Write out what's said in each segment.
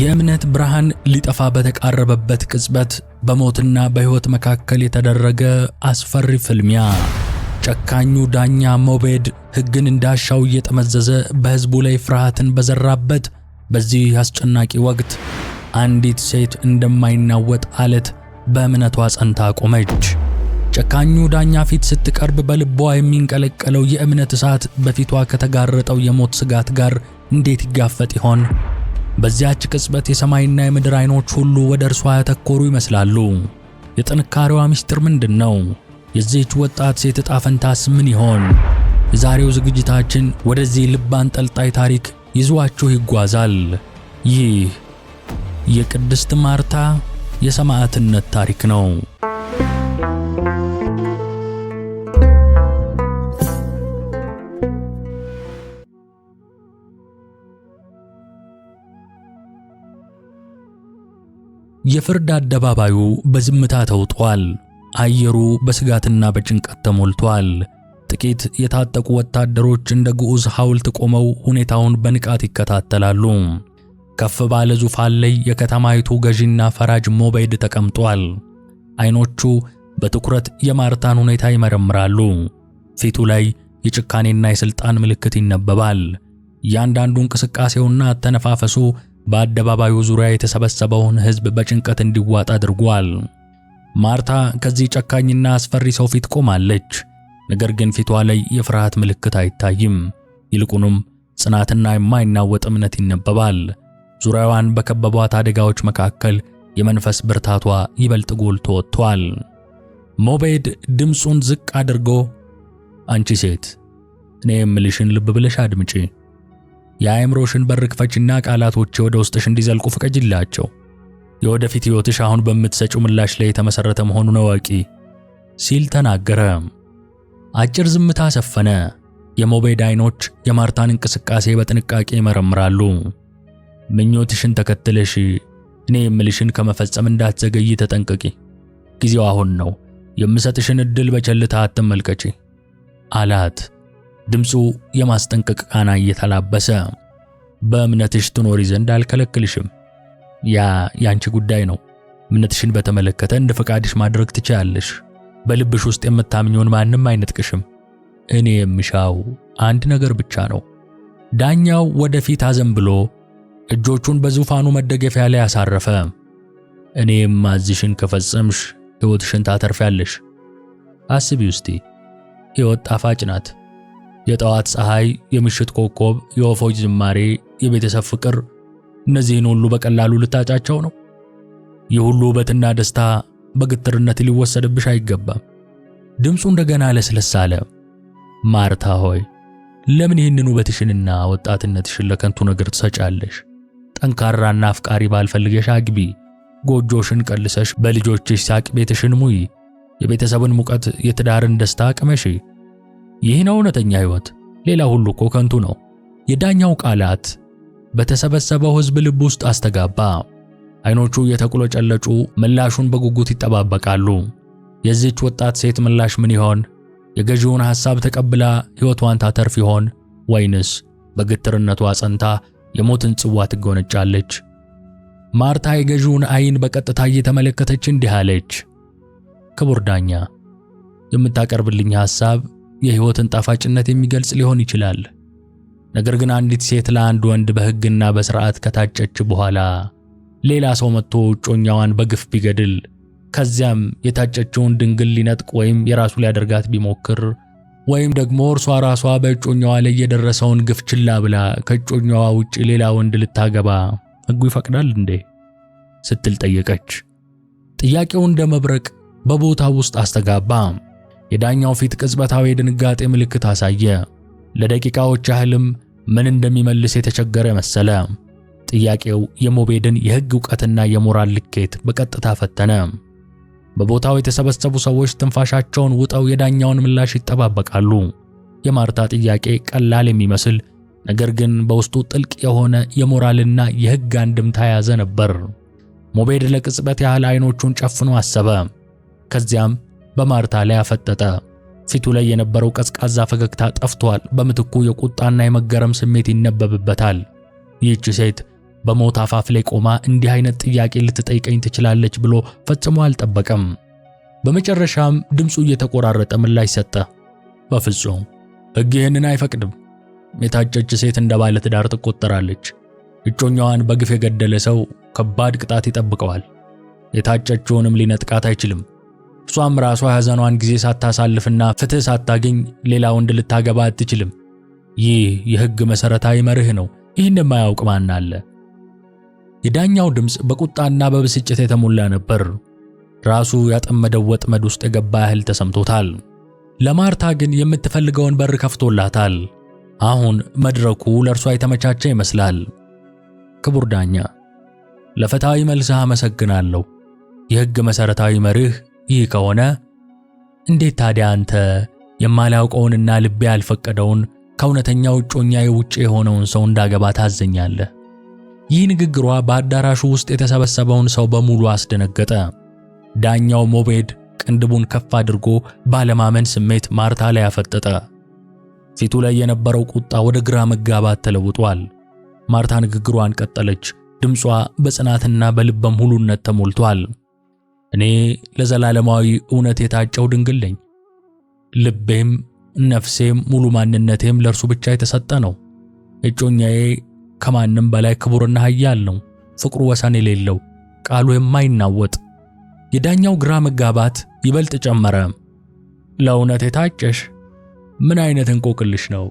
የእምነት ብርሃን ሊጠፋ በተቃረበበት ቅጽበት በሞትና በሕይወት መካከል የተደረገ አስፈሪ ፍልሚያ። ጨካኙ ዳኛ ሞቤድ ሕግን እንዳሻው እየጠመዘዘ በሕዝቡ ላይ ፍርሃትን በዘራበት በዚህ አስጨናቂ ወቅት አንዲት ሴት እንደማይናወጥ አለት በእምነቷ ጸንታ ቆመች። ጨካኙ ዳኛ ፊት ስትቀርብ በልቧ የሚንቀለቀለው የእምነት እሳት በፊቷ ከተጋረጠው የሞት ስጋት ጋር እንዴት ይጋፈጥ ይሆን? በዚያች ቅጽበት የሰማይና የምድር አይኖች ሁሉ ወደ እርሷ ያተኮሩ ይመስላሉ። የጥንካሬዋ ምስጢር ምንድን ነው? የዚህች ወጣት ሴት ዕጣ ፈንታስ ምን ይሆን? የዛሬው ዝግጅታችን ወደዚህ ልብ አንጠልጣይ ታሪክ ይዟችሁ ይጓዛል። ይህ የቅድስት ማርታ የሰማዕትነት ታሪክ ነው። የፍርድ አደባባዩ በዝምታ ተውጧል። አየሩ በስጋትና በጭንቀት ተሞልቷል። ጥቂት የታጠቁ ወታደሮች እንደ ግዑዝ ሐውልት ቆመው ሁኔታውን በንቃት ይከታተላሉ። ከፍ ባለ ዙፋን ላይ የከተማይቱ ገዢና ፈራጅ ሞበይድ ተቀምጧል። አይኖቹ በትኩረት የማርታን ሁኔታ ይመረምራሉ። ፊቱ ላይ የጭካኔና የሥልጣን ምልክት ይነበባል። እያንዳንዱ እንቅስቃሴውና አተነፋፈሱ በአደባባዩ ዙሪያ የተሰበሰበውን ሕዝብ በጭንቀት እንዲዋጥ አድርጓል። ማርታ ከዚህ ጨካኝና አስፈሪ ሰው ፊት ቆማለች። ነገር ግን ፊቷ ላይ የፍርሃት ምልክት አይታይም። ይልቁንም ጽናትና የማይናወጥ እምነት ይነበባል። ዙሪያዋን በከበቧት አደጋዎች መካከል የመንፈስ ብርታቷ ይበልጥ ጎልቶ ወጥቷል። ሞቤድ ድምፁን ዝቅ አድርጎ አንቺ ሴት እኔ የምልሽን ልብ ብለሽ አድምጪ የአእምሮሽን በር ክፈችና ቃላቶች ወደ ውስጥሽ እንዲዘልቁ ፍቀጅላቸው። የወደፊት ሕይወትሽ አሁን በምትሰጪው ምላሽ ላይ የተመሠረተ መሆኑን እወቂ ሲል ተናገረ። አጭር ዝምታ ሰፈነ። የሞቤድ አይኖች የማርታን እንቅስቃሴ በጥንቃቄ ይመረምራሉ። ምኞትሽን ተከትለሽ እኔ የምልሽን ከመፈጸም እንዳትዘገይ ተጠንቀቂ። ጊዜው አሁን ነው። የምሰጥሽን እድል በቸልታ አትመልከቺ አላት። ድምፁ የማስጠንቀቅ ቃና እየተላበሰ በእምነትሽ ትኖሪ ዘንድ አልከለክልሽም። ያ ያንቺ ጉዳይ ነው። እምነትሽን በተመለከተ እንደ ፈቃድሽ ማድረግ ትችያለሽ። በልብሽ ውስጥ የምታምኚውን ማንም አይነጥቅሽም። እኔ የምሻው አንድ ነገር ብቻ ነው። ዳኛው ወደፊት አዘንብሎ እጆቹን በዙፋኑ መደገፊያ ላይ አሳረፈ። እኔ ማዝሽን ከፈጸምሽ ሕይወትሽን ታተርፊያለሽ። አስቢ ውስቲ ሕይወት ጣፋጭ ናት። የጠዋት ፀሐይ፣ የምሽት ኮከብ፣ የወፎች ዝማሬ፣ የቤተሰብ ፍቅር፣ እነዚህን ሁሉ በቀላሉ ልታጫቸው ነው? ይህ ሁሉ ውበትና ደስታ በግትርነት ሊወሰድብሽ አይገባም። ድምፁ እንደገና ለስለስ አለ። ማርታ ሆይ ለምን ይህንን ውበትሽንና ወጣትነትሽን ለከንቱ ነገር ትሰጫለሽ? ጠንካራና አፍቃሪ ባል ፈልገሽ አግቢ። ጎጆሽን ቀልሰሽ በልጆችሽ ሳቅ ቤትሽን ሙይ። የቤተሰብን ሙቀት፣ የትዳርን ደስታ ቅመሽ። ይህ ነው እውነተኛ ሕይወት፣ ሌላ ሁሉ እኮ ከንቱ ነው። የዳኛው ቃላት በተሰበሰበው ሕዝብ ልብ ውስጥ አስተጋባ። አይኖቹ የተቁለጨለጩ ምላሹን በጉጉት ይጠባበቃሉ። የዚህች ወጣት ሴት ምላሽ ምን ይሆን? የገዢውን ሐሳብ ተቀብላ ሕይወቷን ታተርፍ ይሆን? ወይንስ በግትርነቷ ጸንታ የሞትን ጽዋ ትጎነጫለች? ማርታ የገዢውን አይን በቀጥታ እየተመለከተች እንዲህ አለች፦ ክቡር ዳኛ፣ የምታቀርብልኝ ሐሳብ የሕይወትን ጣፋጭነት የሚገልጽ ሊሆን ይችላል። ነገር ግን አንዲት ሴት ለአንድ ወንድ በሕግና በሥርዓት ከታጨች በኋላ ሌላ ሰው መጥቶ እጮኛዋን በግፍ ቢገድል ከዚያም የታጨችውን ድንግል ሊነጥቅ ወይም የራሱ ሊያደርጋት ቢሞክር ወይም ደግሞ እርሷ ራሷ በእጮኛዋ ላይ የደረሰውን ግፍ ችላ ብላ ከእጮኛዋ ውጪ ሌላ ወንድ ልታገባ ሕጉ ይፈቅዳል እንዴ? ስትል ጠየቀች። ጥያቄው እንደ መብረቅ በቦታው ውስጥ አስተጋባ። የዳኛው ፊት ቅጽበታዊ የድንጋጤ ምልክት አሳየ። ለደቂቃዎች ያህልም ምን እንደሚመልስ የተቸገረ መሰለ። ጥያቄው የሞቤድን የሕግ ዕውቀትና የሞራል ልኬት በቀጥታ ፈተነ። በቦታው የተሰበሰቡ ሰዎች ትንፋሻቸውን ውጠው የዳኛውን ምላሽ ይጠባበቃሉ። የማርታ ጥያቄ ቀላል የሚመስል ነገር ግን በውስጡ ጥልቅ የሆነ የሞራልና የሕግ አንድምታ የያዘ ነበር። ሞቤድ ለቅጽበት ያህል አይኖቹን ጨፍኖ አሰበ። ከዚያም በማርታ ላይ አፈጠጠ። ፊቱ ላይ የነበረው ቀዝቃዛ ፈገግታ ጠፍቷል። በምትኩ የቁጣና የመገረም ስሜት ይነበብበታል። ይህች ሴት በሞት አፋፍ ላይ ቆማ እንዲህ አይነት ጥያቄ ልትጠይቀኝ ትችላለች ብሎ ፈጽሞ አልጠበቀም። በመጨረሻም ድምፁ እየተቆራረጠ ምላሽ ሰጠ። በፍጹም ሕግ ይህንን አይፈቅድም። የታጨች ሴት እንደ ባለ ትዳር ትቆጠራለች። እጮኛዋን በግፍ የገደለ ሰው ከባድ ቅጣት ይጠብቀዋል። የታጨችውንም ሊነጥቃት አይችልም። እሷም ራሷ ሐዘኗን ጊዜ ሳታሳልፍና ፍትህ ሳታገኝ ሌላ ወንድ ልታገባ አትችልም። ይህ የሕግ መሠረታዊ መርህ ነው። ይህን የማያውቅ ማን አለ? የዳኛው ድምፅ በቁጣና በብስጭት የተሞላ ነበር። ራሱ ያጠመደው ወጥመድ ውስጥ የገባ ያህል ተሰምቶታል። ለማርታ ግን የምትፈልገውን በር ከፍቶላታል። አሁን መድረኩ ለእርሷ የተመቻቸ ይመስላል። ክቡር ዳኛ፣ ለፍትሐዊ መልስህ አመሰግናለሁ። የሕግ መሠረታዊ መርህ ይህ ከሆነ እንዴት ታዲያ አንተ የማላውቀውንና ልቤ ያልፈቀደውን ከእውነተኛው እጮኛዬ ውጭ የሆነውን ሰው እንዳገባ ታዘኛለህ? ይህ ንግግሯ በአዳራሹ ውስጥ የተሰበሰበውን ሰው በሙሉ አስደነገጠ። ዳኛው ሞቤድ ቅንድቡን ከፍ አድርጎ ባለማመን ስሜት ማርታ ላይ አፈጠጠ። ፊቱ ላይ የነበረው ቁጣ ወደ ግራ መጋባት ተለውጧል። ማርታ ንግግሯን ቀጠለች። ድምጿ በጽናትና በልበ ሙሉነት ተሞልቷል። እኔ ለዘላለማዊ እውነት የታጨው ድንግል ነኝ። ልቤም ነፍሴም ሙሉ ማንነቴም ለእርሱ ብቻ የተሰጠ ነው። እጮኛዬ ከማንም በላይ ክቡርና ኃያል ነው። ፍቅሩ ወሰን የሌለው ቃሉ የማይናወጥ የዳኛው ግራ መጋባት ይበልጥ ጨመረ። ለእውነት የታጨሽ ምን አይነት እንቆቅልሽ ነው?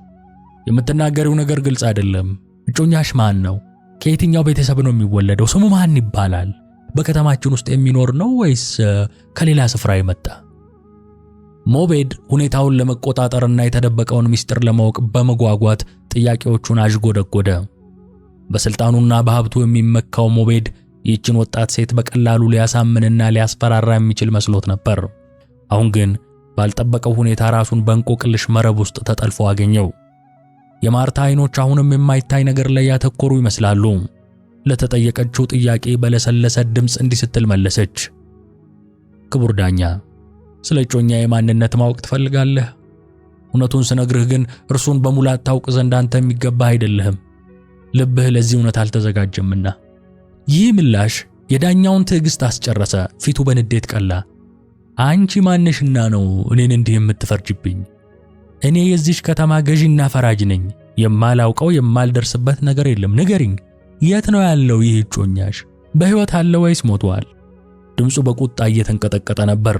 የምትናገሪው ነገር ግልጽ አይደለም። እጮኛሽ ማን ነው? ከየትኛው ቤተሰብ ነው የሚወለደው? ስሙ ማን ይባላል? በከተማችን ውስጥ የሚኖር ነው ወይስ ከሌላ ስፍራ የመጣ? ሞቤድ ሁኔታውን ለመቆጣጠርና የተደበቀውን ምስጢር ለማወቅ በመጓጓት ጥያቄዎቹን አዥጎደጎደ። በስልጣኑና በሀብቱ የሚመካው ሞቤድ ይህችን ወጣት ሴት በቀላሉ ሊያሳምንና ሊያስፈራራ የሚችል መስሎት ነበር። አሁን ግን ባልጠበቀው ሁኔታ ራሱን በእንቆቅልሽ መረብ ውስጥ ተጠልፎ አገኘው። የማርታ አይኖች አሁንም የማይታይ ነገር ላይ ያተኮሩ ይመስላሉ። ለተጠየቀችው ጥያቄ በለሰለሰ ድምፅ እንዲህ ስትል መለሰች። ክቡር ዳኛ፣ ስለ እጮኛዬ ማንነት ማወቅ ትፈልጋለህ? እውነቱን ስነግርህ ግን እርሱን በሙላት ታውቅ ዘንድ አንተ የሚገባህ አይደለህም፣ ልብህ ለዚህ እውነት አልተዘጋጀምና። ይህ ምላሽ የዳኛውን ትዕግሥት አስጨረሰ። ፊቱ በንዴት ቀላ። አንቺ ማንሽና ነው እኔን እንዲህ የምትፈርጅብኝ? እኔ የዚች ከተማ ገዢና ፈራጅ ነኝ። የማላውቀው የማልደርስበት ነገር የለም። ንገሪኝ የት ነው ያለው ይህ እጮኛሽ? በሕይወት አለ ወይስ ሞቷል? ድምፁ በቁጣ እየተንቀጠቀጠ ነበር።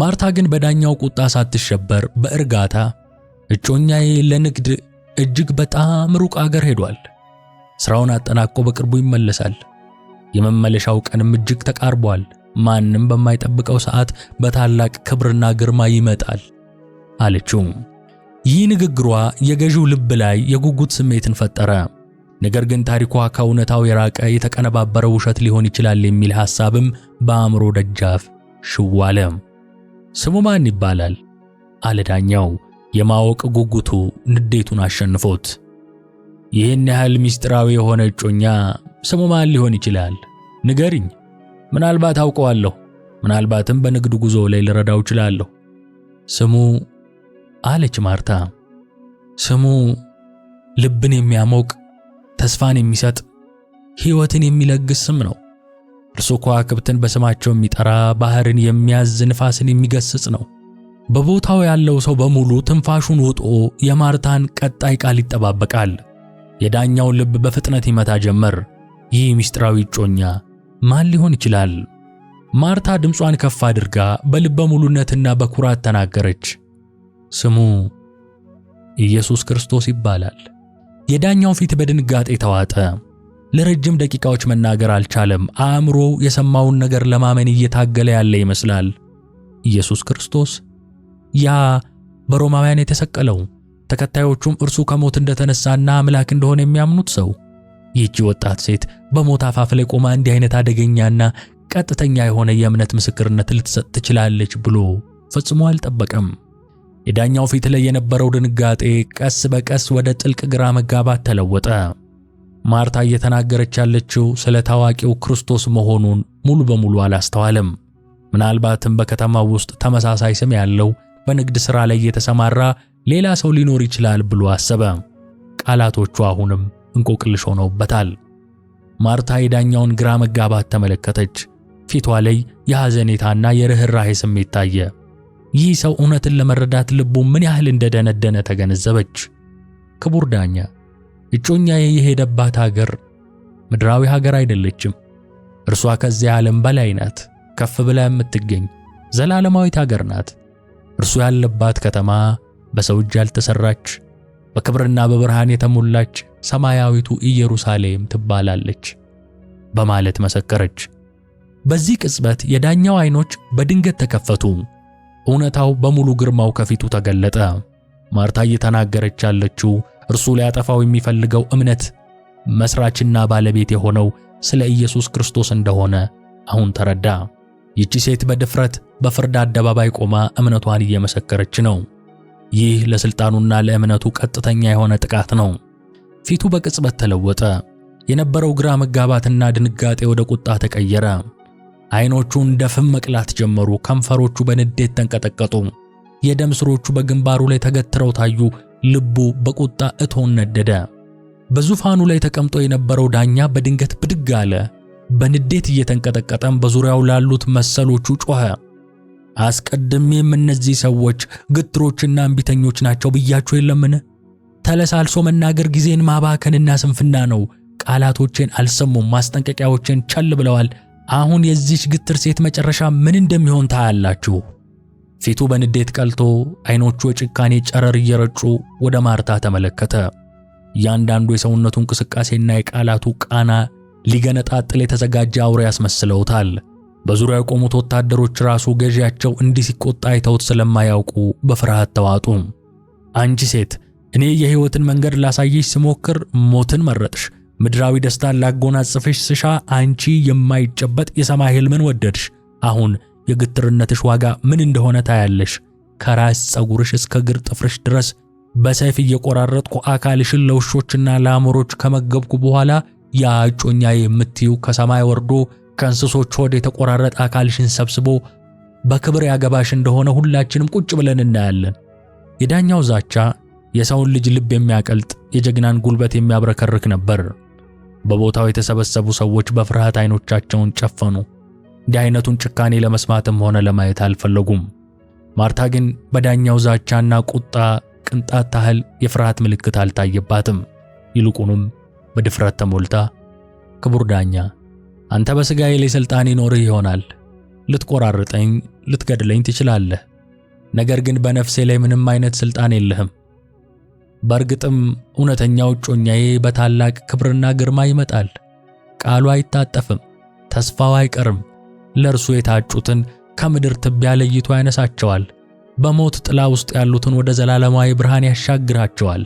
ማርታ ግን በዳኛው ቁጣ ሳትሸበር በእርጋታ እጮኛዬ ለንግድ እጅግ በጣም ሩቅ አገር ሄዷል። ስራውን አጠናቆ በቅርቡ ይመለሳል። የመመለሻው ቀንም እጅግ ተቃርቧል። ማንም በማይጠብቀው ሰዓት በታላቅ ክብርና ግርማ ይመጣል አለችው። ይህ ንግግሯ የገዢው ልብ ላይ የጉጉት ስሜትን ፈጠረ። ነገር ግን ታሪኳ ከእውነታው የራቀ የተቀነባበረ ውሸት ሊሆን ይችላል የሚል ሐሳብም በአእምሮ ደጃፍ ሽዋለ። ስሙ ማን ይባላል? አለ ዳኛው የማወቅ ጉጉቱ ንዴቱን አሸንፎት። ይህን ያህል ምስጢራዊ የሆነ እጮኛ ስሙ ማን ሊሆን ይችላል? ንገሪኝ። ምናልባት አውቀዋለሁ፣ ምናልባትም በንግድ ጉዞ ላይ ልረዳው እችላለሁ። ስሙ አለች ማርታ። ስሙ ልብን የሚያሞቅ ተስፋን የሚሰጥ ሕይወትን የሚለግስ ስም ነው። እርሱ ከዋክብትን በስማቸው የሚጠራ ባህርን የሚያዝ ንፋስን የሚገስጽ ነው። በቦታው ያለው ሰው በሙሉ ትንፋሹን ውጦ የማርታን ቀጣይ ቃል ይጠባበቃል። የዳኛውን ልብ በፍጥነት ይመታ ጀመር። ይህ ምስጢራዊ እጮኛ ማን ሊሆን ይችላል? ማርታ ድምጿን ከፍ አድርጋ በልበ ሙሉነትና በኩራት ተናገረች። ስሙ ኢየሱስ ክርስቶስ ይባላል። የዳኛው ፊት በድንጋጤ ተዋጠ። ለረጅም ደቂቃዎች መናገር አልቻለም። አእምሮ የሰማውን ነገር ለማመን እየታገለ ያለ ይመስላል። ኢየሱስ ክርስቶስ ያ በሮማውያን የተሰቀለው ተከታዮቹም እርሱ ከሞት እንደተነሳና አምላክ እንደሆነ የሚያምኑት ሰው። ይህቺ ወጣት ሴት በሞት አፋፍ ላይ ቆማ እንዲህ አይነት አደገኛና ቀጥተኛ የሆነ የእምነት ምስክርነት ልትሰጥ ትችላለች ብሎ ፈጽሞ አልጠበቀም። የዳኛው ፊት ላይ የነበረው ድንጋጤ ቀስ በቀስ ወደ ጥልቅ ግራ መጋባት ተለወጠ። ማርታ እየተናገረች ያለችው ስለ ታዋቂው ክርስቶስ መሆኑን ሙሉ በሙሉ አላስተዋለም። ምናልባትም በከተማው ውስጥ ተመሳሳይ ስም ያለው በንግድ ሥራ ላይ የተሰማራ ሌላ ሰው ሊኖር ይችላል ብሎ አሰበ። ቃላቶቹ አሁንም እንቆቅልሽ ሆነውበታል። ማርታ የዳኛውን ግራ መጋባት ተመለከተች። ፊቷ ላይ የሐዘኔታና የርኅራሄ ስሜት ታየ። ይህ ሰው እውነትን ለመረዳት ልቡ ምን ያህል እንደደነደነ ተገነዘበች። ክቡር ዳኛ፣ እጮኛዬ የሄደባት ሀገር ምድራዊ ሀገር አይደለችም። እርሷ ከዚያ ዓለም በላይ ናት፣ ከፍ ብላ የምትገኝ ዘላለማዊት ሀገር ናት። እርሱ ያለባት ከተማ በሰው እጅ ያልተሰራች በክብርና በብርሃን የተሞላች ሰማያዊቱ ኢየሩሳሌም ትባላለች በማለት መሰከረች። በዚህ ቅጽበት የዳኛው ዓይኖች በድንገት ተከፈቱ። እውነታው በሙሉ ግርማው ከፊቱ ተገለጠ። ማርታ እየተናገረች ያለችው እርሱ ሊያጠፋው የሚፈልገው እምነት መስራችና ባለቤት የሆነው ስለ ኢየሱስ ክርስቶስ እንደሆነ አሁን ተረዳ። ይቺ ሴት በድፍረት በፍርድ አደባባይ ቆማ እምነቷን እየመሰከረች ነው። ይህ ለሥልጣኑና ለእምነቱ ቀጥተኛ የሆነ ጥቃት ነው። ፊቱ በቅጽበት ተለወጠ። የነበረው ግራ መጋባትና ድንጋጤ ወደ ቁጣ ተቀየረ። አይኖቹ እንደ ፍም መቅላት ጀመሩ። ከንፈሮቹ በንዴት ተንቀጠቀጡ። የደም ስሮቹ በግንባሩ ላይ ተገትረው ታዩ። ልቡ በቁጣ እቶን ነደደ። በዙፋኑ ላይ ተቀምጦ የነበረው ዳኛ በድንገት ብድግ አለ። በንዴት እየተንቀጠቀጠም በዙሪያው ላሉት መሰሎቹ ጮኸ። አስቀድሜም እነዚህ ሰዎች ግትሮችና እምቢተኞች ናቸው ብያችሁ የለምን? ተለሳልሶ መናገር ጊዜን ማባከንና ስንፍና ነው። ቃላቶቼን አልሰሙም፣ ማስጠንቀቂያዎቼን ቸል ብለዋል፣ አሁን የዚች ግትር ሴት መጨረሻ ምን እንደሚሆን ታያላችሁ። ፊቱ በንዴት ቀልቶ አይኖቹ የጭካኔ ጨረር እየረጩ ወደ ማርታ ተመለከተ። እያንዳንዱ የሰውነቱ እንቅስቃሴና የቃላቱ ቃና ሊገነጣጥል የተዘጋጀ አውሬ ያስመስለውታል። በዙሪያው የቆሙት ወታደሮች ራሱ ገዢያቸው እንዲህ ሲቆጣ አይተውት ስለማያውቁ በፍርሃት ተዋጡ። አንቺ ሴት፣ እኔ የሕይወትን መንገድ ላሳይሽ ስሞክር ሞትን መረጥሽ ምድራዊ ደስታን ላጎናጽፍሽ ስሻ አንቺ የማይጨበጥ የሰማይ ህልምን ወደድሽ። አሁን የግትርነትሽ ዋጋ ምን እንደሆነ ታያለሽ። ከራስ ፀጉርሽ እስከ ግር ጥፍርሽ ድረስ በሰይፍ እየቆራረጥኩ አካልሽን ለውሾችና ለአሞሮች ከመገብኩ በኋላ ያ እጮኛ ከሰማይ ወርዶ ከእንስሶች ሆድ የተቆራረጠ አካልሽን ሰብስቦ በክብር ያገባሽ እንደሆነ ሁላችንም ቁጭ ብለን እናያለን። የዳኛው ዛቻ የሰውን ልጅ ልብ የሚያቀልጥ የጀግናን ጉልበት የሚያብረከርክ ነበር። በቦታው የተሰበሰቡ ሰዎች በፍርሃት አይኖቻቸውን ጨፈኑ። እንዲህ አይነቱን ጭካኔ ለመስማትም ሆነ ለማየት አልፈለጉም። ማርታ ግን በዳኛው ዛቻና ቁጣ ቅንጣት ታህል የፍርሃት ምልክት አልታየባትም። ይልቁንም በድፍረት ተሞልታ ክቡር ዳኛ፣ አንተ በሥጋዬ ላይ ሥልጣን ይኖርህ ይሆናል። ልትቆራርጠኝ፣ ልትገድለኝ ትችላለህ። ነገር ግን በነፍሴ ላይ ምንም አይነት ሥልጣን የለህም በእርግጥም እውነተኛው እጮኛዬ በታላቅ ክብርና ግርማ ይመጣል። ቃሉ አይታጠፍም፣ ተስፋው አይቀርም። ለእርሱ የታጩትን ከምድር ትቢያ ለይቶ ያነሳቸዋል፣ በሞት ጥላ ውስጥ ያሉትን ወደ ዘላለማዊ ብርሃን ያሻግራቸዋል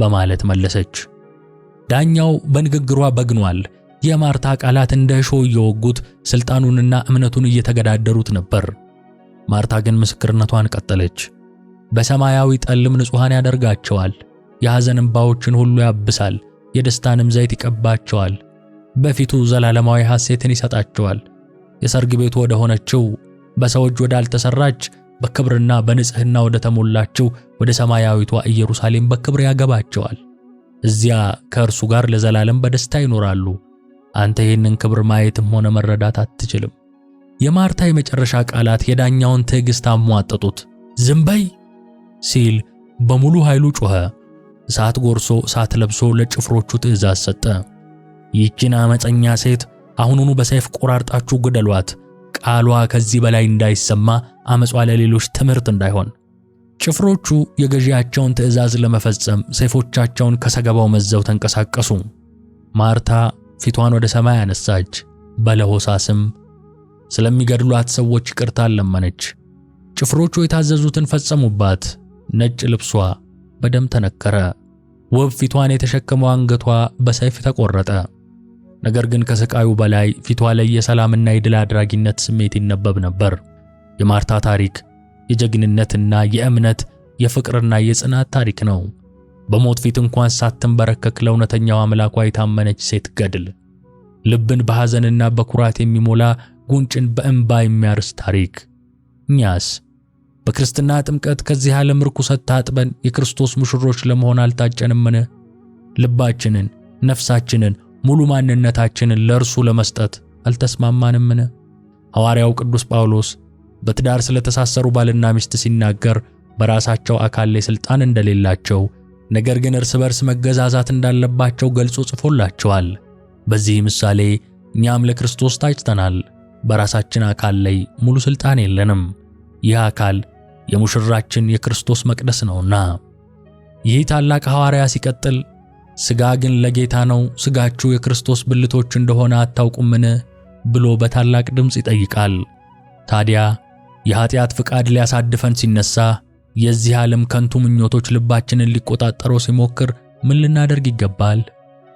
በማለት መለሰች። ዳኛው በንግግሯ በግኗል። የማርታ ቃላት እንደ እሾህ እየወጉት ስልጣኑንና እምነቱን እየተገዳደሩት ነበር። ማርታ ግን ምስክርነቷን ቀጠለች። በሰማያዊ ጠልም ንጹሐን ያደርጋቸዋል። የሐዘን እንባዎችን ሁሉ ያብሳል፣ የደስታንም ዘይት ይቀባቸዋል። በፊቱ ዘላለማዊ ሐሴትን ይሰጣቸዋል። የሰርግ ቤቱ ወደ ሆነችው እጅ ወዳልተሰራች በክብርና በንጽህና ወደ ተሞላችው ወደ ሰማያዊቷ ኢየሩሳሌም በክብር ያገባቸዋል። እዚያ ከእርሱ ጋር ለዘላለም በደስታ ይኖራሉ። አንተ ይህንን ክብር ማየትም ሆነ መረዳት አትችልም። የማርታ የመጨረሻ ቃላት የዳኛውን ትዕግስት አሟጠጡት። ዝም በይ ሲል በሙሉ ኃይሉ ጮኸ። እሳት ጎርሶ እሳት ለብሶ ለጭፍሮቹ ትእዛዝ ሰጠ። ይህችን አመፀኛ ሴት አሁኑኑ በሰይፍ ቆራርጣችሁ ግደሏት፣ ቃሏ ከዚህ በላይ እንዳይሰማ፣ አመጿ ለሌሎች ትምህርት እንዳይሆን። ጭፍሮቹ የገዢያቸውን ትእዛዝ ለመፈጸም ሰይፎቻቸውን ከሰገባው መዘው ተንቀሳቀሱ። ማርታ ፊቷን ወደ ሰማይ አነሳች፣ በለሆሳስም ስለሚገድሏት ሰዎች ይቅርታ ለመነች። ጭፍሮቹ የታዘዙትን ፈጸሙባት። ነጭ ልብሷ በደም ተነከረ። ውብ ፊቷን የተሸከመው አንገቷ በሰይፍ ተቆረጠ። ነገር ግን ከስቃዩ በላይ ፊቷ ላይ የሰላምና የድል አድራጊነት ስሜት ይነበብ ነበር። የማርታ ታሪክ የጀግንነትና የእምነት የፍቅርና የጽናት ታሪክ ነው። በሞት ፊት እንኳን ሳትንበረከክ ለእውነተኛው አምላኳ የታመነች ሴት ገድል፣ ልብን በሐዘንና በኩራት የሚሞላ ጉንጭን በእንባ የሚያርስ ታሪክ። እኛስ በክርስትና ጥምቀት ከዚህ ዓለም ርኩሰት ታጥበን የክርስቶስ ሙሽሮች ለመሆን አልታጨንምን? ልባችንን፣ ነፍሳችንን፣ ሙሉ ማንነታችንን ለእርሱ ለመስጠት አልተስማማንምን? ሐዋርያው ቅዱስ ጳውሎስ በትዳር ስለተሳሰሩ ባልና ሚስት ሲናገር በራሳቸው አካል ላይ ሥልጣን እንደሌላቸው ነገር ግን እርስ በርስ መገዛዛት እንዳለባቸው ገልጾ ጽፎላቸዋል። በዚህ ምሳሌ እኛም ለክርስቶስ ታጭተናል። በራሳችን አካል ላይ ሙሉ ሥልጣን የለንም። ይህ አካል የሙሽራችን የክርስቶስ መቅደስ ነውና። ይህ ታላቅ ሐዋርያ ሲቀጥል ሥጋ ግን ለጌታ ነው፣ ሥጋችሁ የክርስቶስ ብልቶች እንደሆነ አታውቁምን? ብሎ በታላቅ ድምፅ ይጠይቃል። ታዲያ የኃጢአት ፍቃድ ሊያሳድፈን ሲነሣ የዚህ ዓለም ከንቱ ምኞቶች ልባችንን ሊቆጣጠረው ሲሞክር ምን ልናደርግ ይገባል?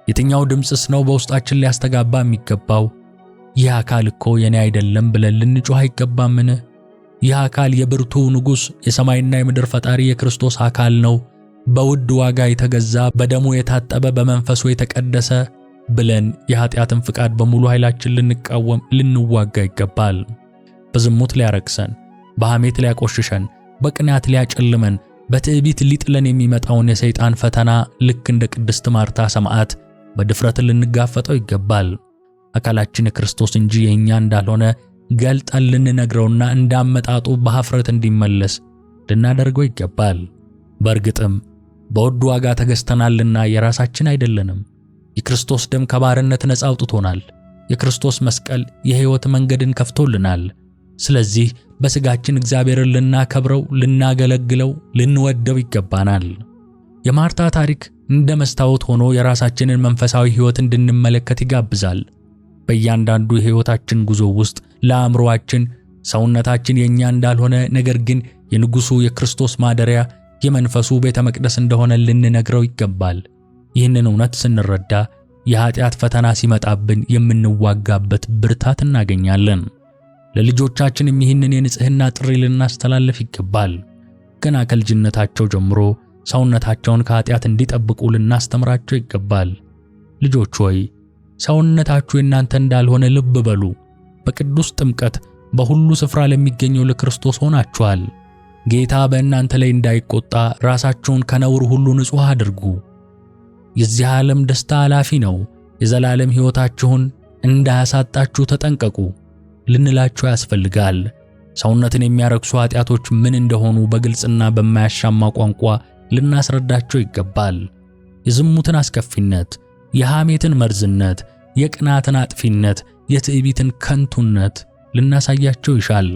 የትኛው ድምፅስ ነው በውስጣችን ሊያስተጋባ የሚገባው? ይህ አካል እኮ የኔ አይደለም ብለን ልንጮህ አይገባምን? ይህ አካል የብርቱ ንጉሥ የሰማይና የምድር ፈጣሪ የክርስቶስ አካል ነው፣ በውድ ዋጋ የተገዛ በደሙ የታጠበ በመንፈሱ የተቀደሰ ብለን የኃጢአትን ፍቃድ በሙሉ ኃይላችን ልንቃወም ልንዋጋ ይገባል። በዝሙት ሊያረክሰን፣ በሐሜት ሊያቆሽሸን፣ በቅናት ሊያጨልመን፣ በትዕቢት ሊጥለን የሚመጣውን የሰይጣን ፈተና ልክ እንደ ቅድስት ማርታ ሰማዕት በድፍረት ልንጋፈጠው ይገባል። አካላችን የክርስቶስ እንጂ የእኛ እንዳልሆነ ገልጠን ልንነግረውና እንዳመጣጡ በሐፍረት እንዲመለስ ልናደርገው ይገባል። በእርግጥም በውድ ዋጋ ተገዝተናልና የራሳችን አይደለንም። የክርስቶስ ደም ከባርነት ነፃ አውጥቶናል። የክርስቶስ መስቀል የሕይወት መንገድን ከፍቶልናል። ስለዚህ በሥጋችን እግዚአብሔርን ልናከብረው፣ ልናገለግለው፣ ልንወደው ይገባናል። የማርታ ታሪክ እንደ መስታወት ሆኖ የራሳችንን መንፈሳዊ ሕይወት እንድንመለከት ይጋብዛል። በእያንዳንዱ የሕይወታችን ጉዞ ውስጥ ለአእምሮአችን ሰውነታችን የእኛ እንዳልሆነ ነገር ግን የንጉሡ የክርስቶስ ማደሪያ የመንፈሱ ቤተ መቅደስ እንደሆነ ልንነግረው ይገባል። ይህንን እውነት ስንረዳ የኃጢአት ፈተና ሲመጣብን የምንዋጋበት ብርታት እናገኛለን። ለልጆቻችንም ይህንን የንጽሕና ጥሪ ልናስተላልፍ ይገባል። ገና ከልጅነታቸው ጀምሮ ሰውነታቸውን ከኃጢአት እንዲጠብቁ ልናስተምራቸው ይገባል። ልጆች ሆይ ሰውነታችሁ የእናንተ እንዳልሆነ ልብ በሉ። በቅዱስ ጥምቀት በሁሉ ስፍራ ለሚገኘው ለክርስቶስ ሆናችኋል። ጌታ በእናንተ ላይ እንዳይቆጣ ራሳችሁን ከነውር ሁሉ ንጹሕ አድርጉ። የዚህ ዓለም ደስታ አላፊ ነው፣ የዘላለም ሕይወታችሁን እንዳያሳጣችሁ ተጠንቀቁ ልንላችሁ ያስፈልጋል። ሰውነትን የሚያረክሱ ኃጢአቶች ምን እንደሆኑ በግልጽና በማያሻማ ቋንቋ ልናስረዳቸው ይገባል። የዝሙትን አስከፊነት የሐሜትን መርዝነት፣ የቅናትን አጥፊነት፣ የትዕቢትን ከንቱነት ልናሳያቸው ይሻል።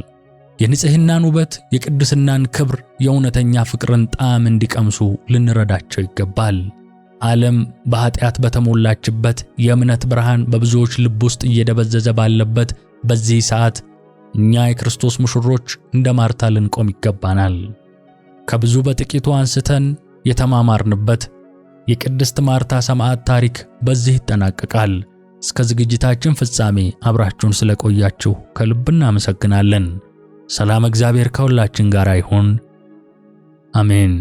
የንጽህናን ውበት፣ የቅድስናን ክብር፣ የእውነተኛ ፍቅርን ጣዕም እንዲቀምሱ ልንረዳቸው ይገባል። ዓለም በኃጢአት በተሞላችበት የእምነት ብርሃን በብዙዎች ልብ ውስጥ እየደበዘዘ ባለበት በዚህ ሰዓት እኛ የክርስቶስ ሙሽሮች እንደ ማርታ ልንቆም ይገባናል። ከብዙ በጥቂቱ አንስተን የተማማርንበት የቅድስት ማርታ ሰማዕት ታሪክ በዚህ ይጠናቀቃል። እስከ ዝግጅታችን ፍጻሜ አብራችሁን ስለቆያችሁ ከልብ እናመሰግናለን። ሰላም፣ እግዚአብሔር ከሁላችን ጋር ይሁን። አሜን።